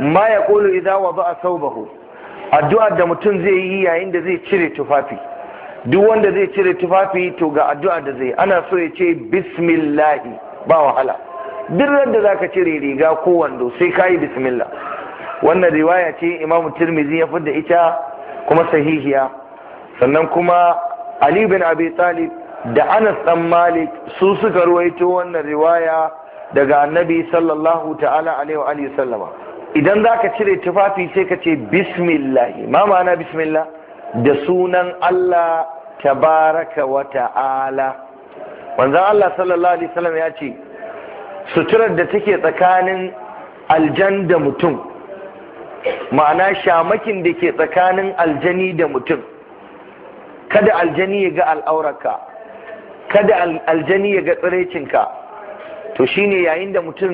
ma ya a sau ba thawbahu addu'ar da mutum zai yi yayin da zai cire tufafi duk wanda zai cire tufafi to ga addu'ar da zai ana so ya ce bismillahi ba wahala duk za ka cire riga ko wando sai yi bismillah wannan riwaya ce Imam turmizi ya da ita kuma sahihiya sannan kuma Ali bin Abi Talib da Anas dan Malik su suka ruwaito wannan riwaya daga Annabi sallallahu ta'ala alaihi wa sallama idan za ka cire tufafi sai ka ce bismillah ma ma'ana bismillah da sunan Allah tabaraka wa ta'ala wanzan Allah sallallahu alaihi wasallam ya ce suturar da take tsakanin aljan da mutum ma'ana shamakin da ke tsakanin aljani da mutum kada aljani ya ga al'auraka kada aljani ya ga tsiraicinka to shine yayin da mutum